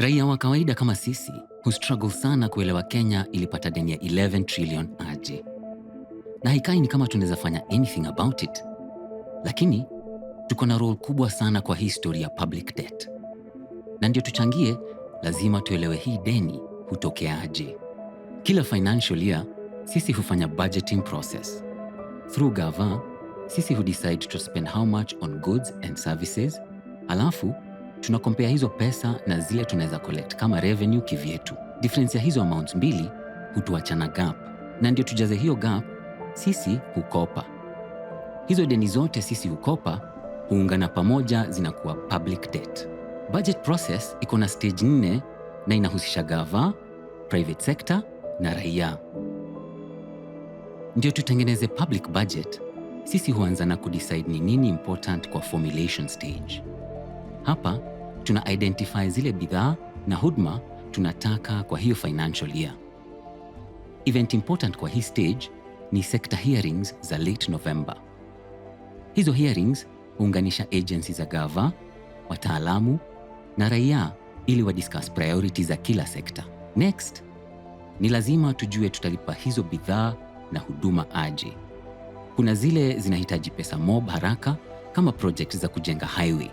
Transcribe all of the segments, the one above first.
Raia wa kawaida kama sisi hustruggle sana kuelewa Kenya ilipata deni ya 11 trillion aje, na haikai ni kama tunaweza fanya anything about it, lakini tuko na role kubwa sana kwa historia ya public debt, na ndio tuchangie, lazima tuelewe hii deni aje. Kila financial year sisi hufanya budgeting process through gava. Sisi hudecide to spend how much on goods and services, alafu tunakompea hizo pesa na zile tunaweza collect kama revenue kivyetu. Difference ya hizo amounts mbili hutuachana gap, na ndio tujaze hiyo gap, sisi hukopa. Hizo deni zote sisi hukopa huungana pamoja, zinakuwa public debt. Budget process iko na stage nne na inahusisha gava, private sector na raia. Ndio tutengeneze public budget, sisi huanza na kudecide ni nini important kwa formulation stage. Hapa tuna identify zile bidhaa na huduma tunataka kwa hiyo financial year. Event important kwa hii stage ni sector hearings za late November. Hizo hearings huunganisha agency za gava, wataalamu na raia ili wa discuss priorities za kila sekta. Next, ni lazima tujue tutalipa hizo bidhaa na huduma aje. Kuna zile zinahitaji pesa mob haraka kama project za kujenga highway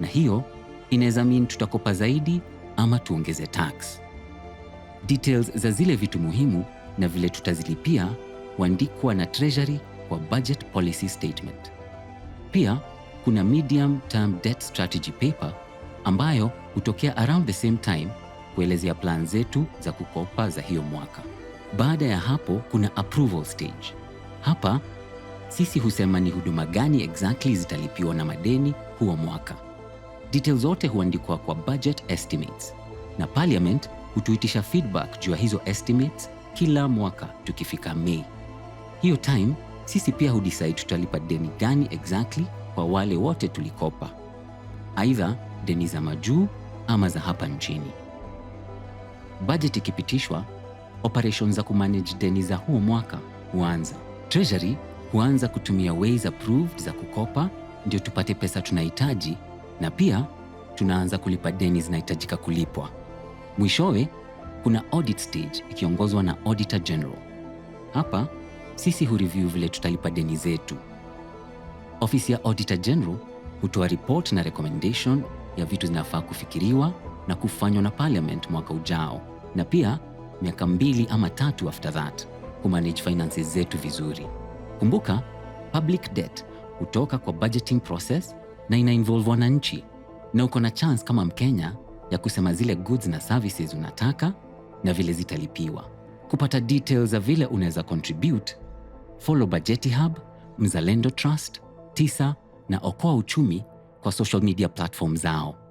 na hiyo inaweza mean tutakopa zaidi ama tuongeze tax. Details za zile vitu muhimu na vile tutazilipia huandikwa na Treasury kwa budget policy statement. Pia kuna medium term debt strategy paper ambayo hutokea around the same time kuelezea plan zetu za kukopa za hiyo mwaka. Baada ya hapo kuna approval stage. Hapa sisi husema ni huduma gani exactly zitalipiwa na madeni huo mwaka details zote huandikwa kwa budget estimates, na parliament hutuitisha feedback juu ya hizo estimates kila mwaka tukifika Mei. Hiyo time sisi pia hudecide tutalipa deni gani exactly kwa wale wote tulikopa, aidha deni za majuu ama za hapa nchini. Bajeti ikipitishwa, operations za kumanage deni za huo mwaka huanza. Treasury huanza kutumia ways approved za kukopa ndio tupate pesa tunahitaji, na pia tunaanza kulipa deni zinahitajika kulipwa. Mwishowe kuna audit stage ikiongozwa na Auditor General. Hapa sisi hureview vile tutalipa deni zetu. Ofisi ya Auditor General hutoa report na recommendation ya vitu zinafaa kufikiriwa na kufanywa na Parliament mwaka ujao na pia miaka mbili ama tatu after that kumanage finances zetu vizuri. Kumbuka, public debt hutoka kwa budgeting process na ina involve wananchi na uko na chance kama Mkenya ya kusema zile goods na services unataka na vile zitalipiwa. Kupata details za vile unaweza contribute, follow Bajeti Hub, Mzalendo Trust, Tisa na Okoa Uchumi kwa social media platform zao.